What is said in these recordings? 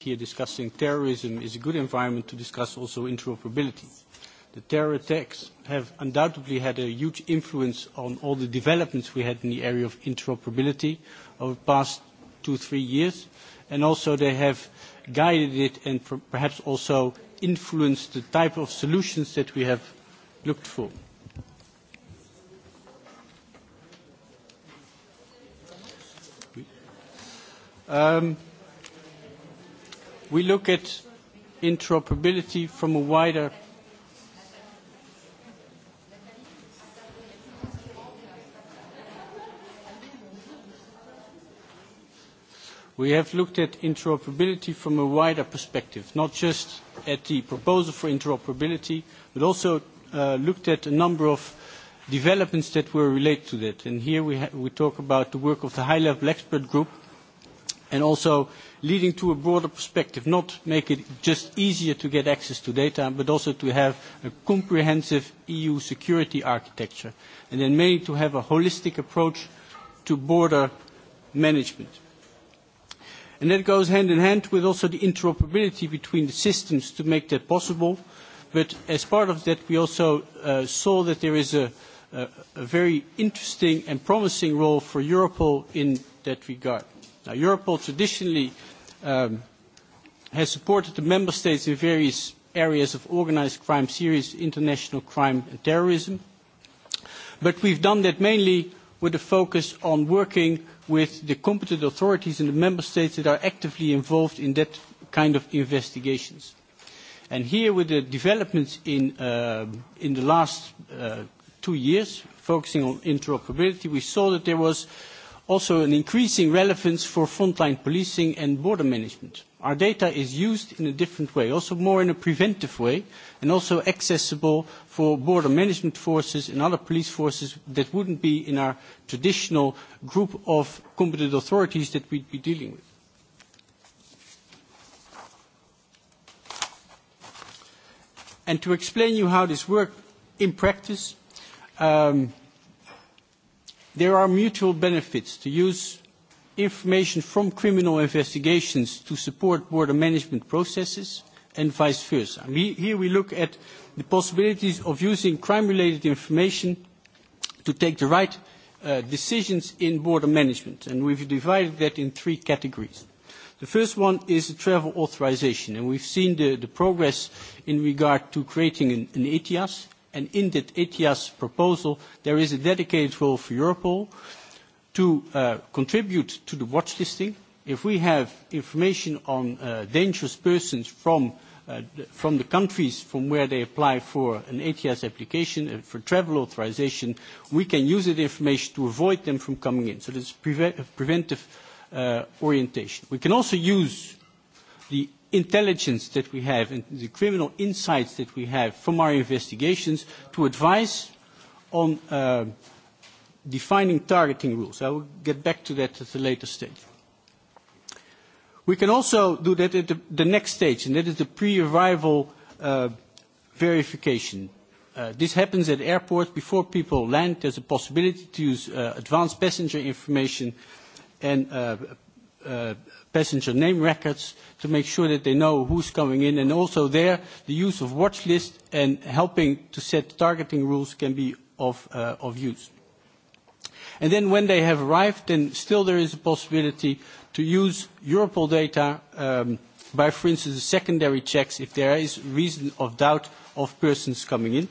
here discussing terrorism is a good environment to discuss also interoperability. The terror attacks have undoubtedly had a huge influence on all the developments we had in the area of interoperability over the past two, three years, and also they have guided it and perhaps also influenced the type of solutions that we have looked for. Um, we look at interoperability from a wider We have looked at interoperability from a wider perspective, not just at the proposal for interoperability, but also uh, looked at a number of developments that were related to that. And here we, ha we talk about the work of the high-level expert group and also leading to a broader perspective, not make it just easier to get access to data, but also to have a comprehensive EU security architecture, and then mainly to have a holistic approach to border management. And that goes hand in hand with also the interoperability between the systems to make that possible. But as part of that, we also uh, saw that there is a, a, a very interesting and promising role for Europol in that regard. Now, Europol traditionally um, has supported the member states in various areas of organized crime, serious international crime and terrorism. But we've done that mainly with a focus on working with the competent authorities in the member states that are actively involved in that kind of investigations. And here with the developments in, uh, in the last uh, two years, focusing on interoperability, we saw that there was uh, also an increasing relevance for frontline policing and border management. Our data is used in a different way, also more in a preventive way, and also accessible for border management forces and other police forces that wouldn't be in our traditional group of competent authorities that we'd be dealing with. And to explain you how this works in practice, um, there are mutual benefits to use information from criminal investigations to support border management processes and vice versa. We, here we look at the possibilities of using crime-related information to take the right uh, decisions in border management, and we've divided that in three categories. The first one is travel authorization, and we've seen the, the progress in regard to creating an, an ETIAS, and in that ETIAS proposal, there is a dedicated role for Europol to uh, contribute to the watch listing. If we have information on uh, dangerous persons from, uh, from the countries from where they apply for an ATS application uh, for travel authorization, we can use that information to avoid them from coming in. So there's preve preventive uh, orientation. We can also use the intelligence that we have and the criminal insights that we have from our investigations to advise on uh, defining targeting rules. I will get back to that at a later stage. We can also do that at the, the next stage, and that is the pre-arrival uh, verification. Uh, this happens at airports before people land. There's a possibility to use uh, advanced passenger information and uh, uh, passenger name records to make sure that they know who's coming in. And also there, the use of watch lists and helping to set targeting rules can be of, uh, of use. And then when they have arrived, then still there is a possibility to use Europol data um, by, for instance, the secondary checks if there is reason of doubt of persons coming in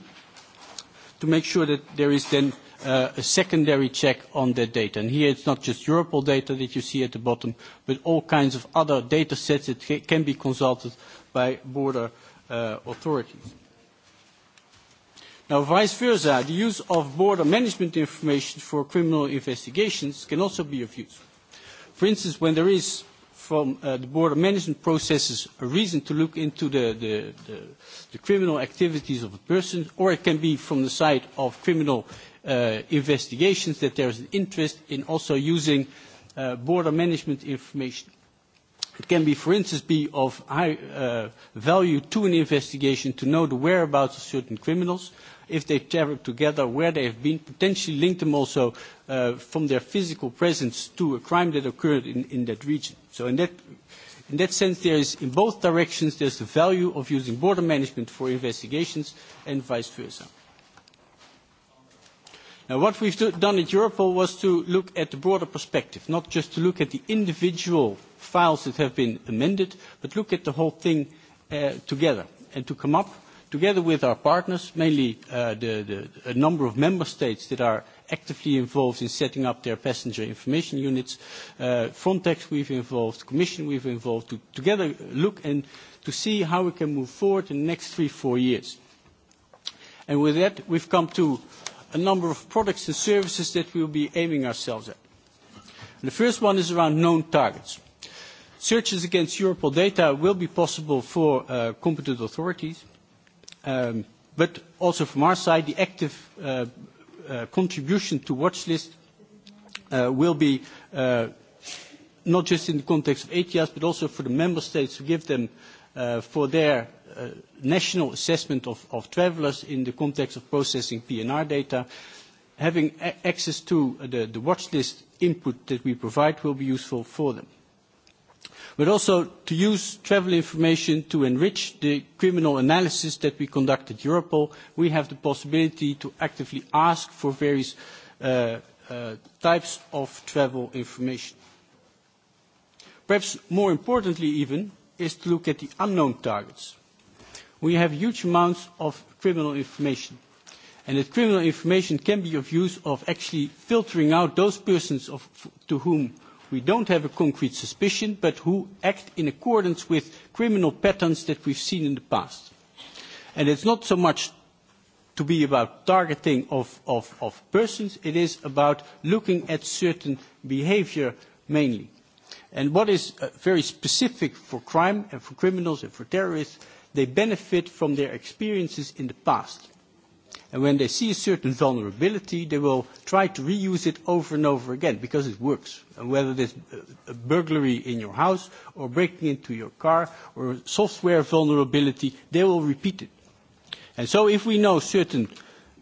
to make sure that there is then Uh, a secondary check on that data. And here it's not just Europol data that you see at the bottom, but all kinds of other data sets that can be consulted by border uh, authorities. Now, vice versa, the use of border management information for criminal investigations can also be of use. For instance, when there is from uh, the border management processes a reason to look into the, the, the, the criminal activities of a person, or it can be from the side of criminal uh, investigations, that there is an interest in also using uh, border management information. It can be, for instance, be of high uh, value to an investigation to know the whereabouts of certain criminals, if they travel together, where they have been, potentially link them also uh, from their physical presence to a crime that occurred in, in that region. So in that, in that sense, there is, in both directions, there's the value of using border management for investigations and vice versa. Now, what we've do, done at Europol was to look at the broader perspective, not just to look at the individual files that have been amended, but look at the whole thing uh, together and to come up together with our partners, mainly uh, the, the, a number of member states that are actively involved in setting up their passenger information units. Uh, Frontex we've involved, Commission we've involved, to together look and to see how we can move forward in the next three, four years. And with that, we've come to a number of products and services that we'll be aiming ourselves at. the first one is around known targets. Searches against Europol data will be possible for uh, competent authorities, um, but also from our side, the active uh, uh, contribution to watchlist will be not just in the context of ETIAS, but also for the member states to give them for their Uh, national assessment of, of travelers in the context of processing PNR data. Having a access to the, the watch list input that we provide will be useful for them. But also to use travel information to enrich the criminal analysis that we conduct at Europol, we have the possibility to actively ask for various uh, uh, types of travel information. Perhaps more importantly even, is to look at the unknown targets we have huge amounts of criminal information. And that criminal information can be of use of actually filtering out those persons of, to whom we don't have a concrete suspicion, but who act in accordance with criminal patterns that we've seen in the past. And it's not so much to be about targeting of, of, of persons, it is about looking at certain behavior mainly. And what is uh, very specific for crime and for criminals and for terrorists they benefit from their experiences in the past. And when they see a certain vulnerability, they will try to reuse it over and over again because it works. And whether it's a burglary in your house or breaking into your car or software vulnerability, they will repeat it. And so if we know certain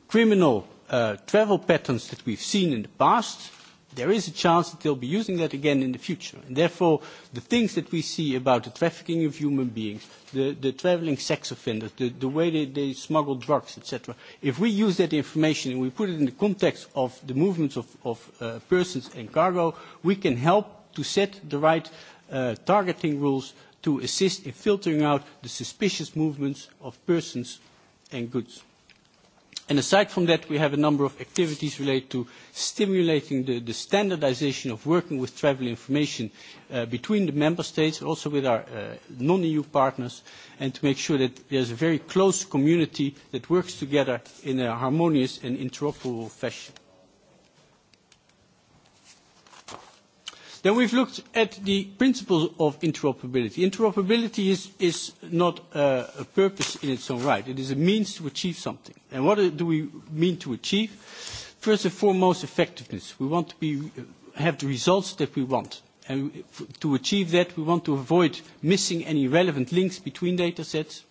criminal uh, travel patterns that we've seen in the past, there is a chance that they'll be using that again in the future. And therefore, the things that we see about the trafficking of human beings, the, the traveling sex offenders, the, the way they, they smuggle drugs, etc., if we use that information and we put it in the context of the movements of, of uh, persons and cargo, we can help to set the right uh, targeting rules to assist in filtering out the suspicious movements of persons and goods. And aside from that, we have a number of activities related to stimulating the, the standardization of working with travel information uh, between the member states, also with our uh, non-EU partners, and to make sure that there's a very close community that works together in a harmonious and interoperable fashion. Then we've looked at the principles of interoperability. Interoperability is, is not a purpose in its own right. It is a means to achieve something. And what do we mean to achieve? First and foremost, effectiveness. We want to be, have the results that we want. And to achieve that, we want to avoid missing any relevant links between data sets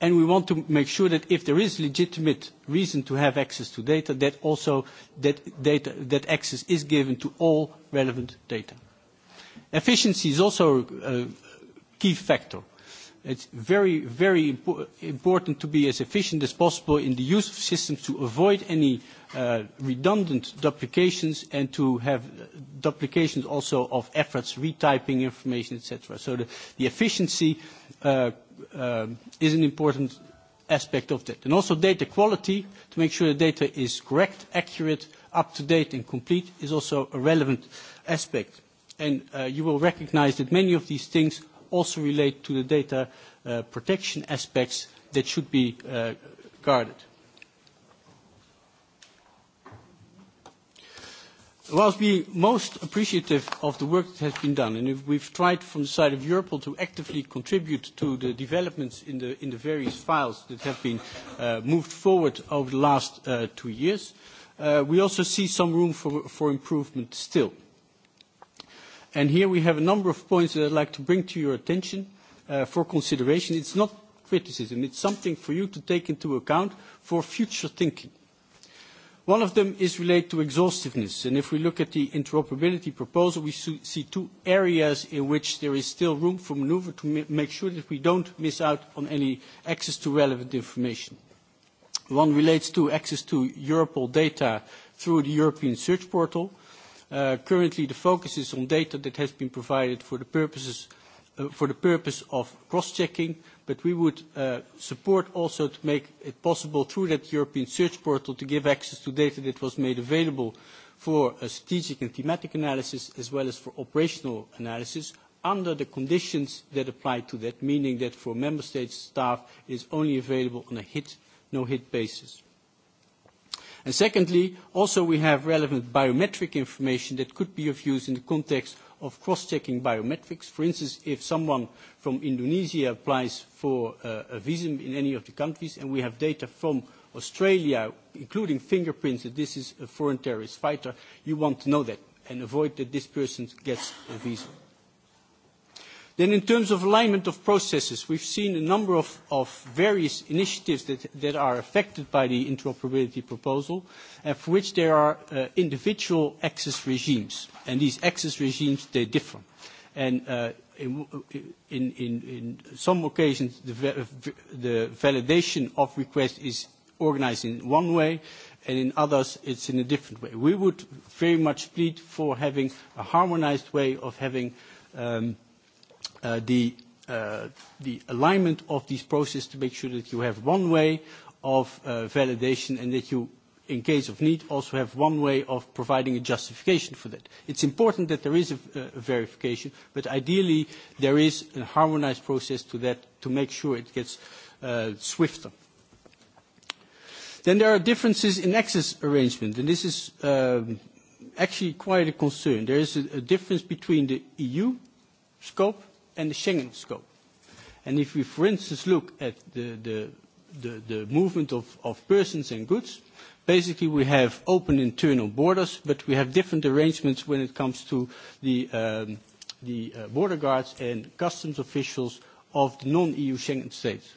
and we want to make sure that if there is legitimate reason to have access to data, that also that, data, that access is given to all relevant data. Efficiency is also a key factor. It's very, very impo important to be as efficient as possible in the use of systems to avoid any uh, redundant duplications and to have duplications also of efforts, retyping information, etc. So the, the efficiency uh, uh, is an important aspect of that. And also data quality, to make sure the data is correct, accurate, up-to-date and complete is also a relevant aspect. And uh, you will recognize that many of these things also relate to the data uh, protection aspects that should be uh, guarded. Whilst being most appreciative of the work that has been done, and if we've tried from the side of Europol to actively contribute to the developments in the, in the various files that have been uh, moved forward over the last uh, two years, uh, we also see some room for, for improvement still here we have a number of points that I'd like to bring to your attention uh, for consideration. It's not criticism, it's something for you to take into account for future thinking. One of them is related to exhaustiveness, and if we look at the interoperability proposal, we see two areas in which there is still room for maneuver to make sure that we don't miss out on any access to relevant information. One relates to access to Europol data through the European Search Portal, Uh, currently, the focus is on data that has been provided for the, purposes, uh, for the purpose of cross-checking, but we would uh, support also to make it possible through that European search portal to give access to data that was made available for a strategic and thematic analysis as well as for operational analysis under the conditions that apply to that, meaning that for member states staff is only available on a hit, no-hit basis secondly, also we have relevant biometric information that could be of use in the context of cross-checking biometrics. For instance, if someone from Indonesia applies for uh, a visa in any of the countries and we have data from Australia, including fingerprints, that this is a foreign terrorist fighter, you want to know that and avoid that this person gets a visa. Then in terms of alignment of processes, we've seen a number of, of various initiatives that, that are affected by the interoperability proposal, and uh, for which there are uh, individual access regimes. And these access regimes, they differ. And uh, in, in, in some occasions, the, the validation of requests is organized in one way, and in others, it's in a different way. We would very much plead for having a harmonized way of having um, – Uh, the, uh, the alignment of these processes to make sure that you have one way of uh, validation and that you, in case of need, also have one way of providing a justification for that. It's important that there is a, a verification, but ideally there is a harmonized process to that to make sure it gets swifter. Then there are differences in access arrangement, and this is um, actually quite a concern. There is a difference between the EU scope and the Schengen scope. And if we, for instance, look at the, the, the, movement of, of persons and goods, basically we have open internal borders, but we have different arrangements when it comes to the, um, uh, border guards and customs officials of the non-EU Schengen states.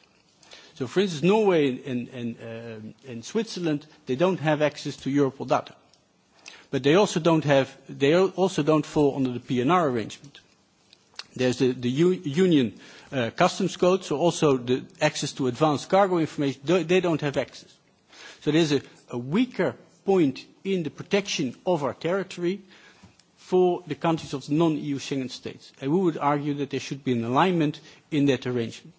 So, for instance, Norway and, and, um, and Switzerland, they don't have access to Europol data. But they also don't, have, they also don't fall under the PNR arrangement. There's the, the U union uh, customs code, so also the access to advanced cargo information, they don't have access. So there's a, a weaker point in the protection of our territory for the countries of non-EU Schengen states. And we would argue that there should be an alignment in that arrangement.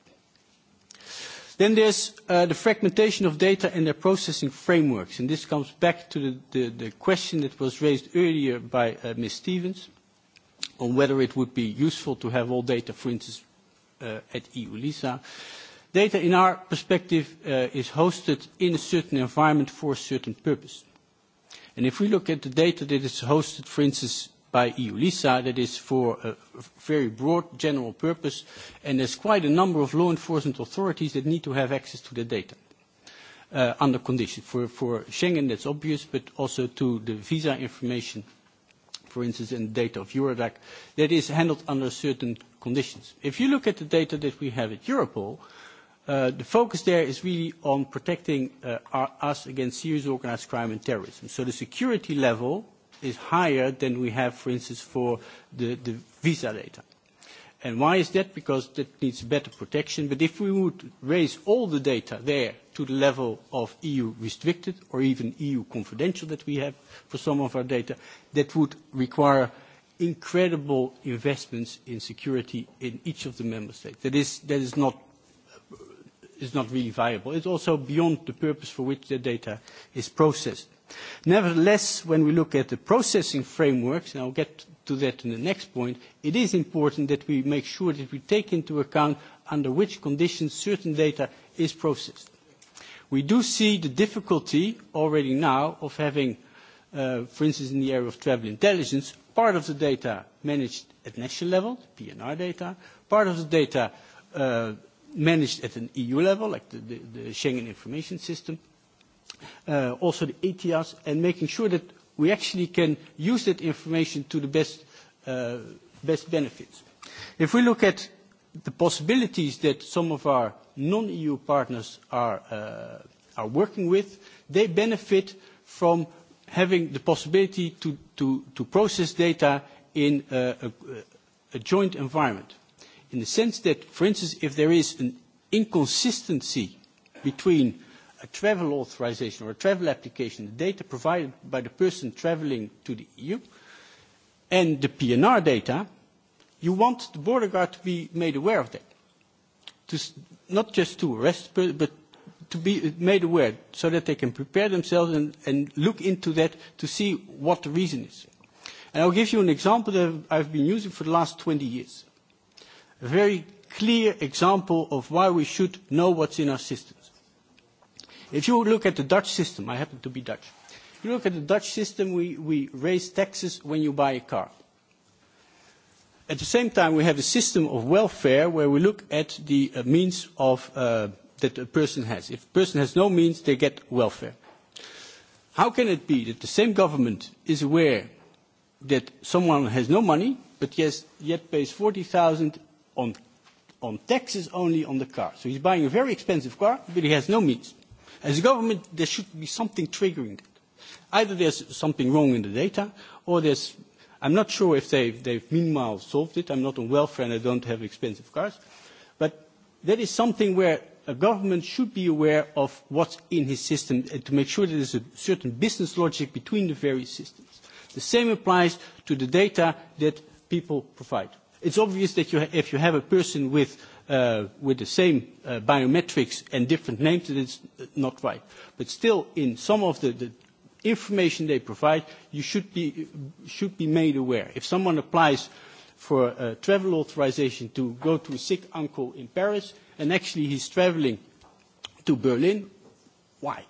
Then there's uh, the fragmentation of data and their processing frameworks. And this comes back to the, the, the question that was raised earlier by uh, Ms. Stevens on whether it would be useful to have all data, for instance, uh, at EU LISA. Data, in our perspective, uh, is hosted in a certain environment for a certain purpose. And if we look at the data that is hosted, for instance, by EU LISA, that is for a very broad general purpose, and there's quite a number of law enforcement authorities that need to have access to the data. Uh, under condition. For, for Schengen, that's obvious, but also to the visa information for instance, in the data of Eurodac, that is handled under certain conditions. If you look at the data that we have at Europol, uh, the focus there is really on protecting uh, our, us against serious organized crime and terrorism. So the security level is higher than we have, for instance, for the, the visa data. And why is that? Because that needs better protection. But if we would raise all the data there to the level of EU restricted or even EU confidential that we have for some of our data, that would require incredible investments in security in each of the member states. That is, that is not is not really viable. It's also beyond the purpose for which the data is processed. Nevertheless, when we look at the processing frameworks, and I'll get to that in the next point, it is important that we make sure that we take into account under which conditions certain data is processed. We do see the difficulty already now of having, uh, for instance, in the area of travel intelligence, part of the data managed at national level, PNR data, part of the data uh, managed at an EU level, like the Schengen Information System, Uh, also the ETIAS, and making sure that we actually can use that information to the best, uh, benefit. benefits. If we look at the possibilities that some of our non-EU partners uh, are, working with, they benefit from having the possibility to, process data in a joint environment. In the sense that, for instance, if there is an inconsistency between a travel authorization or a travel application, the data provided by the person traveling to the EU, and the PNR data, you want the border guard to be made aware of that. To, not just to arrest, but to be made aware so that they can prepare themselves and, and look into that to see what the reason is. And I'll give you an example that I've been using for the last 20 years. A very clear example of why we should know what's in our system. If you look at the Dutch system, I happen to be Dutch. you look at the Dutch system, we, we raise taxes when you buy a car. At the same time, we have a system of welfare where we look at the uh, means of, uh, that a person has. If a person has no means, they get welfare. How can it be that the same government is aware that someone has no money, but yes, yet pays 40,000 on, on taxes only on the car? So he's buying a very expensive car, but he has no means. As a government, there should be something triggering it. Either there's something wrong in the data, or there's, I'm not sure if they've, they've meanwhile solved it. I'm not on welfare and I don't have expensive cars. But that is something where a government should be aware of what's in his system and to make sure that there's a certain business logic between the various systems. The same applies to the data that people provide. It's obvious that you, if you have a person with uh, with the same uh, biometrics and different names, that it's not right. But still, in some of the, the information they provide, you should be, should be made aware. If someone applies for a travel authorization to go to a sick uncle in Paris, and actually he's traveling to Berlin, why?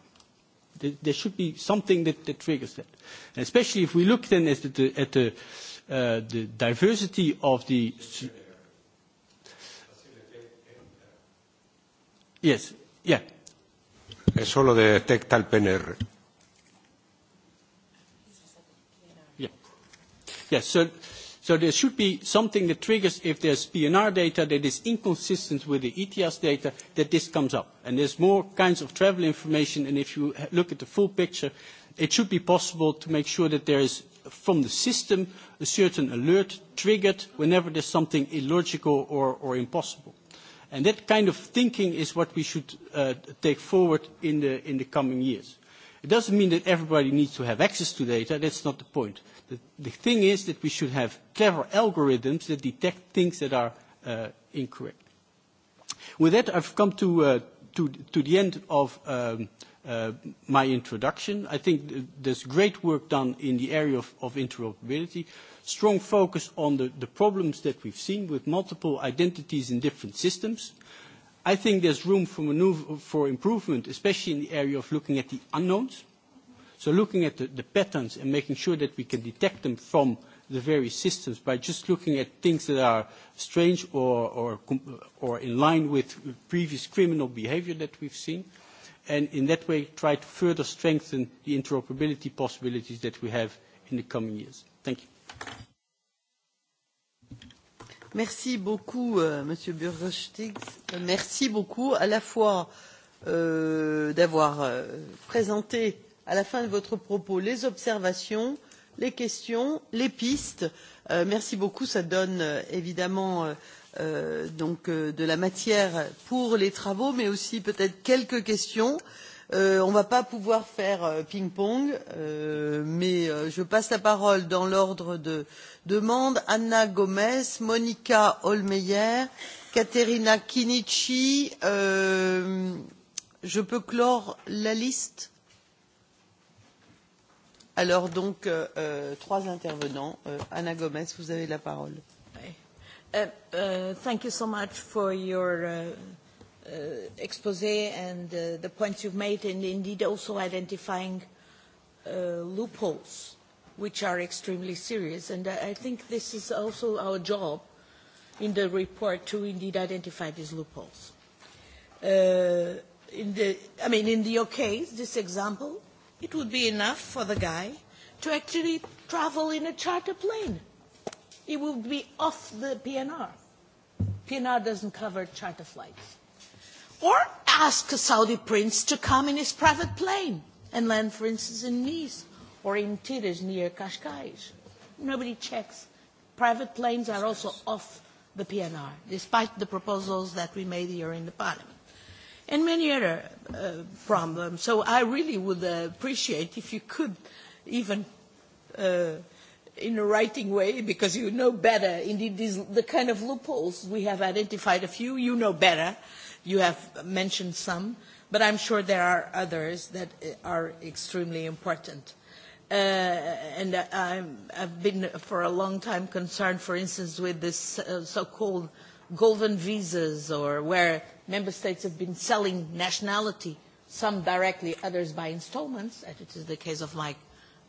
There should be something that, that triggers that. And especially if we look then at the, at the, uh, the diversity of the... Yes. Yeah. Eso lo detecta el PNR. Yeah. Yeah, so, there should be something that triggers if there's PNR data that is inconsistent with the ETIAS data, that this comes up. And there's more kinds of travel information, and if you look at the full picture, it should be possible to make sure that there is from the system a certain alert triggered whenever there's something illogical or, or impossible. And that kind of thinking is what we should uh, take forward in the, in the coming years. It doesn't mean that everybody needs to have access to data. That's not the point. The, the thing is that we should have clever algorithms that detect things that are uh, incorrect. With that, I've come to, uh, to, to the end of um, uh, my introduction. I think th there's great work done in the area of, of interoperability strong focus on the, the problems that we've seen with multiple identities in different systems. I think there's room for, maneuver, for improvement, especially in the area of looking at the unknowns. So looking at the, the patterns and making sure that we can detect them from the various systems by just looking at things that are strange or, or, or in line with previous criminal behavior that we've seen. And in that way, try to further strengthen the interoperability possibilities that we have in the coming years. Thank you. Merci beaucoup, euh, Monsieur Burgerstieg. Merci beaucoup à la fois euh, d'avoir euh, présenté à la fin de votre propos les observations, les questions, les pistes. Euh, merci beaucoup. Ça donne euh, évidemment euh, euh, donc euh, de la matière pour les travaux, mais aussi peut-être quelques questions. Euh, Euh, on ne va pas pouvoir faire euh, ping pong euh, mais euh, je passe la parole dans l'ordre de demande anna gomes monika hohlmeier katerina chinnici euh, je peux clore la liste alors donc euh, trois intervenants anna gomes vous avez la parole. Uh, uh, thank you so much for your uh Uh, expose and uh, the points you've made, and indeed also identifying uh, loopholes, which are extremely serious. And I, think this is also our job in the report to indeed identify these loopholes. Uh, in the, I mean, in your case, this example, it would be enough for the guy to actually travel in a charter plane. It would be off the PNR. PNR doesn't cover charter flights Or ask a Saudi prince to come in his private plane and land, for instance, in Nice or in Tiris near Qashqai. Nobody checks. Private planes are also off the PNR, despite the proposals that we made here in the Parliament. And many other uh, problems. So I really would uh, appreciate if you could even uh, in a writing way because you know better. Indeed, these, the kind of loopholes we have identified a few, you know better. Uh, You have mentioned some, but I'm sure there are others that eh, are extremely important. Uh, and I'm, I've been uh, for a long time concerned, for instance, with this uh, so-called golden visas or where member states have been selling nationality, some directly, others by instalments, as it is the case of my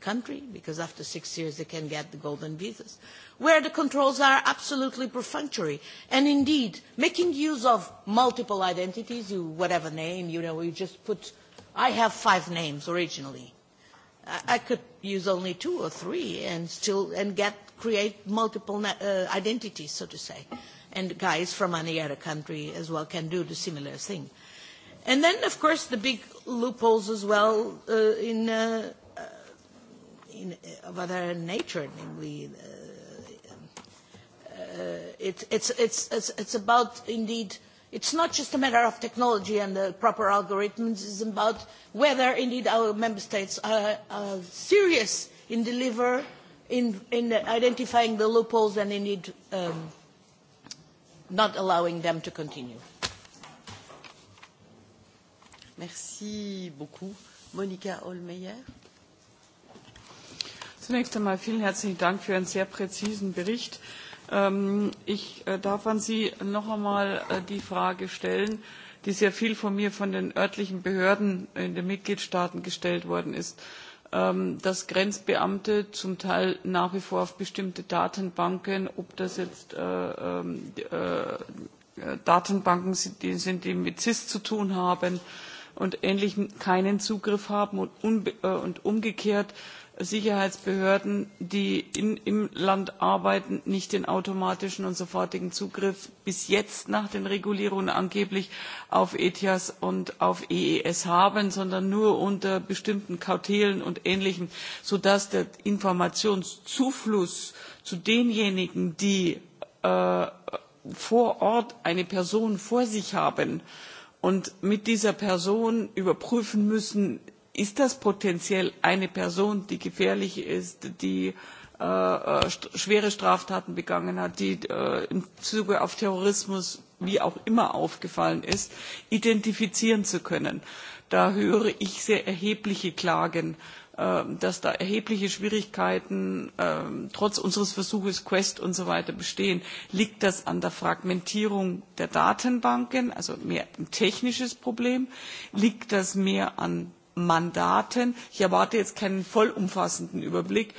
country because after six years they can get the golden visas, where the controls are absolutely perfunctory. And indeed, making use of multiple identities, you, whatever name, you know, you just put, I have five names originally. I, I could use only two or three and still, and get, create multiple uh, identities, so to say. And guys from any other country as well can do the similar thing. And then, of course, the big loopholes as well uh, in uh, in, of other nature, namely, uh, uh, it, it's, it's, it's, it's about indeed. It's not just a matter of technology and the proper algorithms. It's about whether indeed our member states are, are serious in deliver in, in identifying the loopholes and indeed um, not allowing them to continue. Merci beaucoup. Monica Holmeyer. Zunächst einmal vielen herzlichen Dank für einen sehr präzisen Bericht. Ähm, ich äh, darf an Sie noch einmal äh, die Frage stellen, die sehr viel von mir von den örtlichen Behörden in den Mitgliedstaaten gestellt worden ist, ähm, dass Grenzbeamte zum Teil nach wie vor auf bestimmte Datenbanken, ob das jetzt äh, ähm, Datenbanken sind, die mit CIS zu tun haben und Ähnlichem, keinen Zugriff haben und umgekehrt Sicherheitsbehörden, die im Land arbeiten, nicht den automatischen und sofortigen Zugriff bis jetzt nach den Regulierungen angeblich auf ETIAS und auf EES haben, sondern nur unter bestimmten Kautelen und Ähnlichem, sodass der Informationszufluss zu denjenigen, die äh, vor Ort eine Person vor sich haben und mit dieser Person überprüfen müssen, ist das potenziell eine Person, die gefährlich ist, die äh, äh schwere Straftaten begangen hat, die äh, im Zuge auf Terrorismus wie auch immer aufgefallen ist, identifizieren zu können. Da höre ich sehr erhebliche Klagen, äh, dass da erhebliche Schwierigkeiten ähm, trotz unseres Versuches Quest und so weiter bestehen. Liegt das an der Fragmentierung der Datenbanken, also mehr ein technisches Problem? Liegt das mehr an Mandaten. Ich erwarte jetzt keinen vollumfassenden Überblick,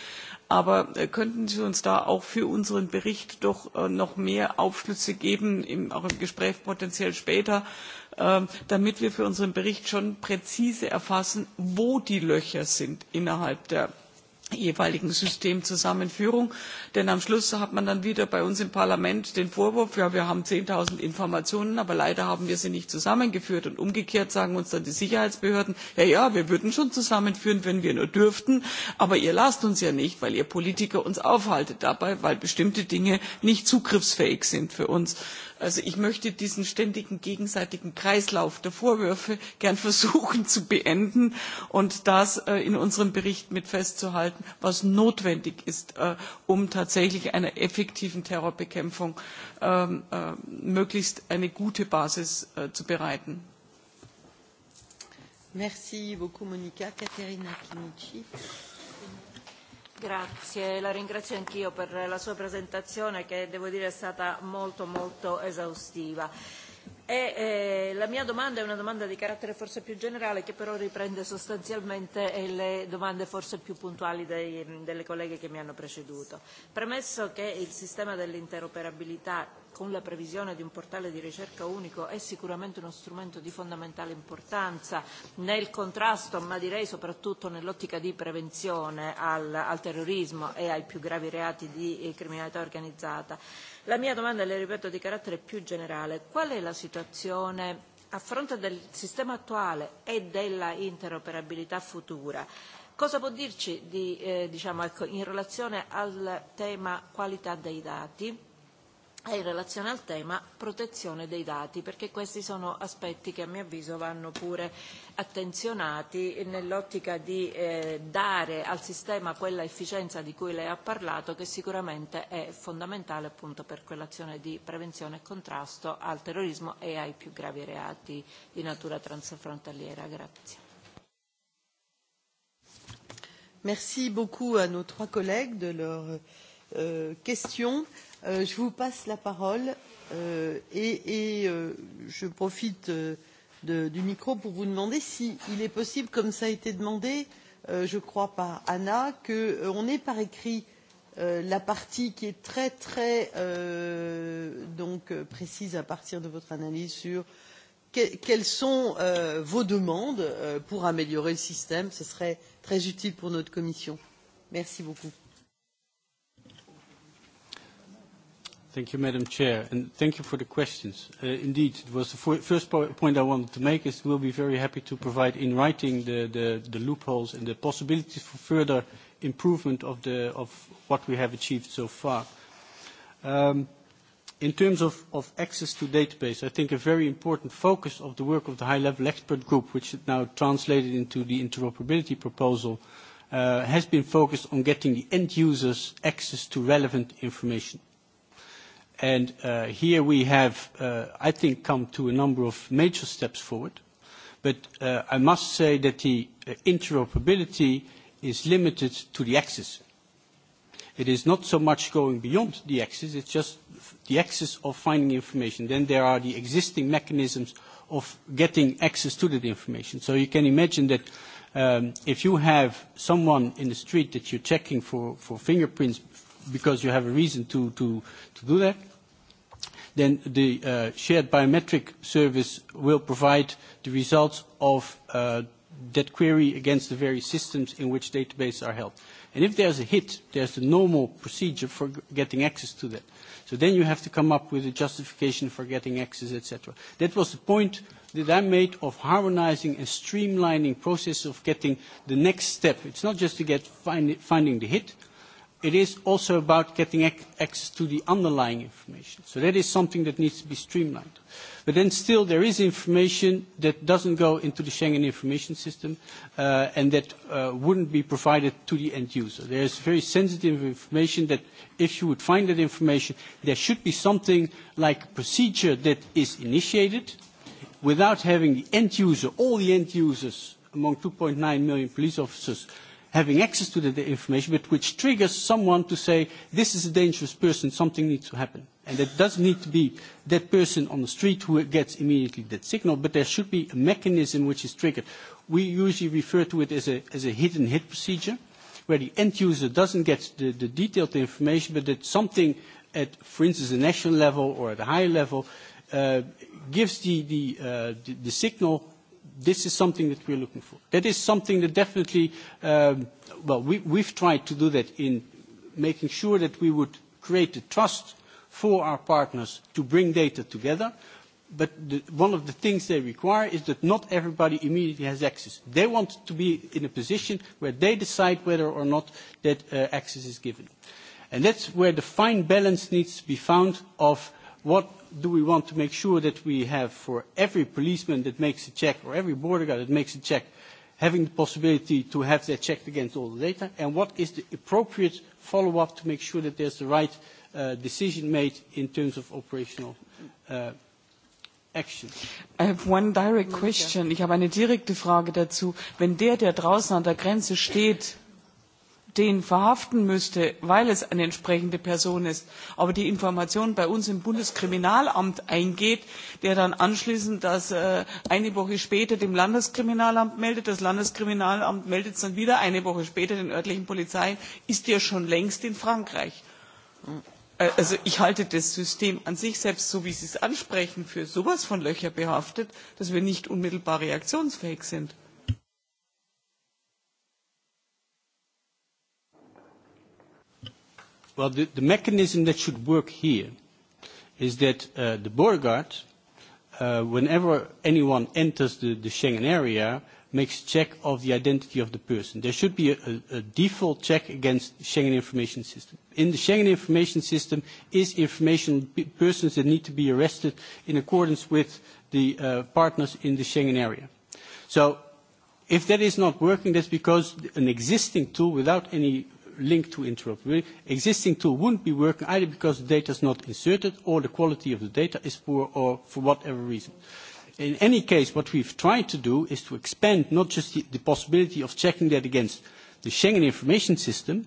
aber äh, könnten Sie uns da auch für unseren Bericht doch äh, noch mehr Aufschlüsse geben, auch im Gespräch potenziell später, ähm, damit wir für unseren Bericht schon präzise erfassen, wo die Löcher sind innerhalb der jeweiligen systemzusammenführung denn am schluss hat man dann wieder bei uns im parlament den vorwurf ja wir haben zehn null informationen aber leider haben wir sie nicht zusammengeführt und umgekehrt sagen uns dann die sicherheitsbehörden ja ja wir würden schon zusammenführen wenn wir nur dürften aber ihr lasst uns ja nicht weil ihr politiker uns aufhaltet dabei weil bestimmte dinge nicht zugriffsfähig sind für uns. Also ich möchte diesen ständigen gegenseitigen Kreislauf der Vorwürfe gern versuchen zu beenden und das äh, in unserem Bericht mit festzuhalten, was notwendig ist, äh, um tatsächlich einer effektiven Terrorbekämpfung ähm, äh, möglichst eine gute Basis zu bereiten. Merci beaucoup, Monika. Grazie, la ringrazio anch'io per la sua presentazione che devo dire è stata molto molto esaustiva. E, eh, la mia domanda è una domanda di carattere forse più generale che però riprende sostanzialmente eh, le domande forse più puntuali dei, delle colleghe che mi hanno preceduto. Premesso che il sistema dell'interoperabilità con la previsione di un portale di ricerca unico è sicuramente uno strumento di fondamentale importanza nel contrasto, ma direi soprattutto nell'ottica di prevenzione al, al terrorismo e ai più gravi reati di eh, criminalità organizzata. La mia domanda, le ripeto, di carattere più generale. Qual è la situazione a fronte del sistema attuale e della interoperabilità futura? Cosa può dirci di, eh, diciamo, ecco, in relazione al tema qualità dei dati? è in relazione al tema protezione dei dati, perché questi sono aspetti che a mio avviso vanno pure attenzionati nell'ottica di eh, dare al sistema quella efficienza di cui lei ha parlato, che sicuramente è fondamentale appunto per quell'azione di prevenzione e contrasto al terrorismo e ai più gravi reati di natura transfrontaliera. Grazie. Merci beaucoup à nos trois collègues de leurs euh, questions. Euh, je vous passe la parole euh, et, et euh, je profite euh, de, du micro pour vous demander s'il si est possible, comme ça a été demandé, euh, je crois, par Anna, qu'on euh, ait par écrit euh, la partie qui est très très euh, donc, euh, précise à partir de votre analyse sur que, quelles sont euh, vos demandes euh, pour améliorer le système. Ce serait très utile pour notre commission. Merci beaucoup. Thank you, Madam Chair, and thank you for the questions. Uh, indeed, it was the first point I wanted to make is we'll be very happy to provide in writing the, loopholes and the possibilities for further improvement of, what we have achieved so far. Um, in terms of, access to database, I think a very important focus of the work of the high-level expert group, which is now translated into the interoperability proposal, uh, has been focused on getting the end users access to relevant information. And uh, here we have, uh, I think, come to a number of major steps forward. But uh, I must say that the uh, interoperability is limited to the axis. It is not so much going beyond the axis, it's just the axis of finding information. Then there are the existing mechanisms of getting access to that information. So you can imagine that um, if you have someone in the street that you're checking for, for fingerprints because you have a reason to, to, to do that, then the uh, shared biometric service will provide the results of uh, that query against the various systems in which databases are held. And if there's a hit, there's the normal procedure for getting access to that. So then you have to come up with a justification for getting access, etc. That was the point that I made of harmonizing and streamlining process of getting the next step. It's not just to get find, finding the hit, it is also about getting access to the underlying information. So that is something that needs to be streamlined. But then still there is information that doesn't go into the Schengen information system uh, and that uh, wouldn't be provided to the end user. There is very sensitive information that if you would find that information, there should be something like a procedure that is initiated without having the end user, all the end users among 2.9 million police officers having access to the information, but which triggers someone to say, this is a dangerous person, something needs to happen. And that doesn't need to be that person on the street who gets immediately that signal, but there should be a mechanism which is triggered. We usually refer to it as a, as a hit and hit procedure, where the end user doesn't get the, the detailed information, but that something at, for instance, the national level or at a higher level, uh, gives the, the, uh, the, the signal this is something that we're looking for. That is something that definitely, um, well, we, we've tried to do that in making sure that we would create the trust for our partners to bring data together. But the, one of the things they require is that not everybody immediately has access. They want to be in a position where they decide whether or not that uh, access is given. And that's where the fine balance needs to be found of – what do we want to make sure that we have for every policeman that makes a check or every border guard that makes a check having the possibility to have that checked against all the data and what is the appropriate follow-up to make sure that there's the right uh, decision made in terms of operational uh, action. I have one direct question. Ich habe eine direkte Frage dazu. Wenn der, der draußen an der Grenze steht, den verhaften müsste, weil es eine entsprechende Person ist, aber die Information bei uns im Bundeskriminalamt eingeht, der dann anschließend das äh, eine Woche später dem Landeskriminalamt meldet, das Landeskriminalamt meldet es dann wieder eine Woche später den örtlichen Polizeien, ist ja schon längst in Frankreich. Äh, also ich halte das System an sich selbst, so wie Sie es ansprechen, für sowas von Löcher behaftet, dass wir nicht unmittelbar reaktionsfähig sind Well, the, the mechanism that should work here is that uh, the border guard, uh, whenever anyone enters the, the Schengen area, makes check of the identity of the person. There should be a, a, a default check against the Schengen information system. In the Schengen information system is information persons that need to be arrested in accordance with the uh, partners in the Schengen area. So if that is not working, that's because an existing tool without any linked to interoperability. Existing tool wouldn't be working either because the data is not inserted or the quality of the data is poor or for whatever reason. In any case, what we've tried to do is to expand not just the, the possibility of checking that against the Schengen information system,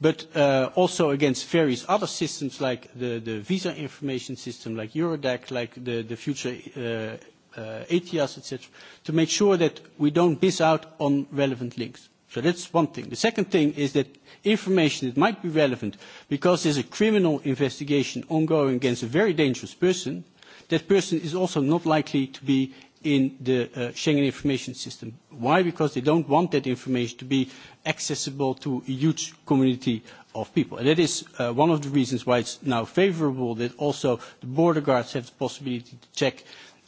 but uh, also against various other systems like the, the visa information system, like Eurodac, like the, the future uh, uh, ETIAS, et cetera, to make sure that we don't miss out on relevant links. So that's one thing. The second thing is that information that might be relevant because there's a criminal investigation ongoing against a very dangerous person, that person is also not likely to be in the uh, Schengen information system. Why? Because they don't want that information to be accessible to a huge community of people. And that is uh, one of the reasons why it's now favorable that also the border guards have the possibility to check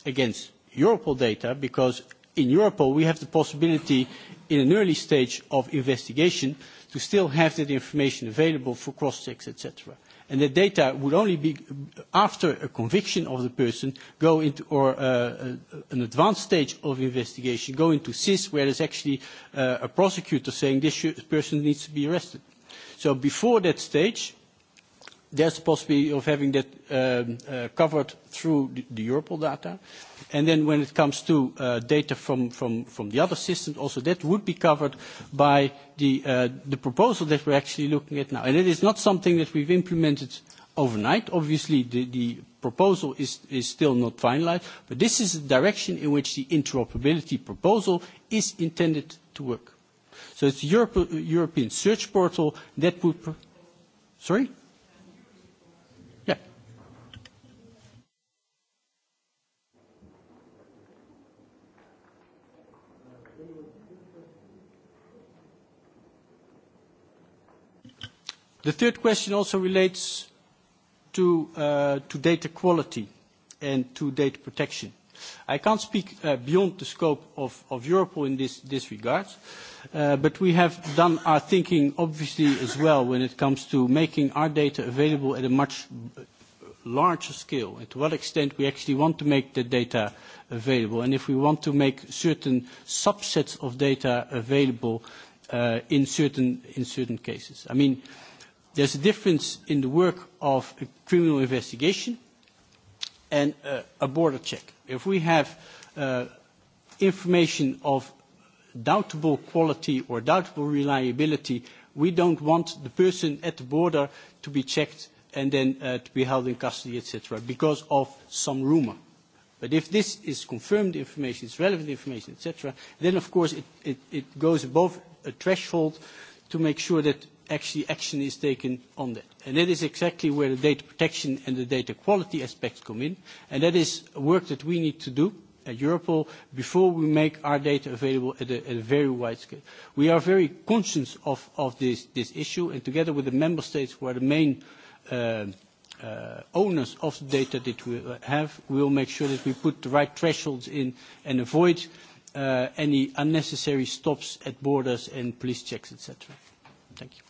against Europol data because in Europol, we have the possibility in an early stage of investigation to still have that information available for cross-checks, etc. And the data would only be, after a conviction of the person, go into, or uh, uh an advanced stage of investigation, go into CIS, where there's actually uh, a prosecutor saying this person needs to be arrested. So before that stage, there's the possibility of having that um, uh, covered through the, the Europol data. And then when it comes to uh, data from, from, from the other systems, also that would be covered by the, uh, the proposal that we're actually looking at now. And it is not something that we've implemented overnight. Obviously, the, the proposal is, is still not finalized, but this is the direction in which the interoperability proposal is intended to work. So it's Europe, uh, European Search Portal that would... Sorry? The third question also relates uh, to, data quality and to data protection. I can't speak uh, beyond the scope of, Europol in this, this regard, uh, but we have done our thinking obviously as well when it comes to making our data available at a much larger scale and to what extent we actually want to make the data available and if we want to make certain subsets of data available in, certain, cases. I mean, there's a difference in the work of a criminal investigation and uh, a border check. If we have uh, information of doubtable quality or doubtable reliability, we don't want the person at the border to be checked and then uh, to be held in custody, etc., because of some rumor. But if this is confirmed information, it's relevant information, etc., then of course it, it, it goes above a threshold to make sure that actually action is taken on that. And that is exactly where the data protection and the data quality aspects come in, and that is work that we need to do at Europol before we make our data available at a, very wide scale. We are very conscious of, this, this issue, and together with the member states, who are the main uh, uh, owners of the data that we have, we will make sure that we put the right thresholds in and avoid uh, any unnecessary stops at borders and police checks, cetera. Thank you.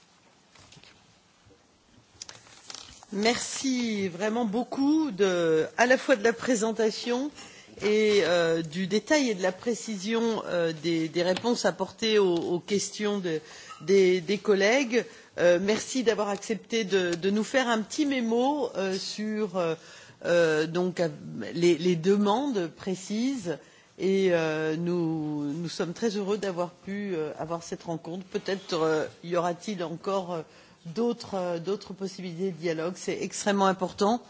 merci vraiment beaucoup de, à la fois de la présentation et euh, du détail et de la précision euh, des, réponses apportées aux, questions des, collègues. Euh, merci d'avoir accepté de, nous faire un petit mémo sur les, demandes précises et nous, sommes très heureux d'avoir pu avoir cette rencontre. peut être y aura t il encore Euh, d'autres possibilités de dialogue. c'est extrêmement important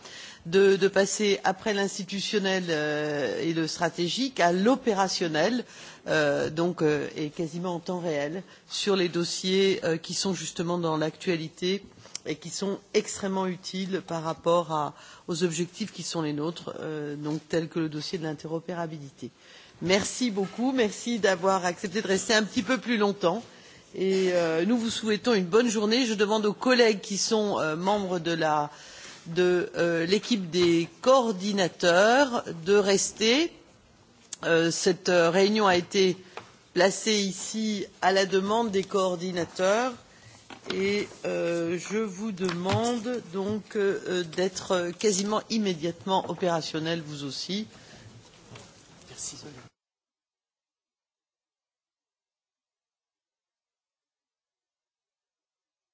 de, de passer après l'institutionnel euh, et le stratégique à l'opérationnel euh, euh, et quasiment en temps réel sur les dossiers euh, qui sont justement dans l'actualité et qui sont extrêmement utiles par rapport à, aux objectifs qui sont les nôtres euh, donc, tels que le dossier de l'interopérabilité. merci beaucoup merci d'avoir accepté de rester un petit peu plus longtemps et euh, nous vous souhaitons une bonne journée. Je demande aux collègues qui sont euh, membres de euh, l'équipe de, des coordinateurs de rester. Euh, cette euh, réunion a été placée ici à la demande des coordinateurs et euh, je vous demande donc euh, d'être quasiment immédiatement opérationnels vous aussi. Merci.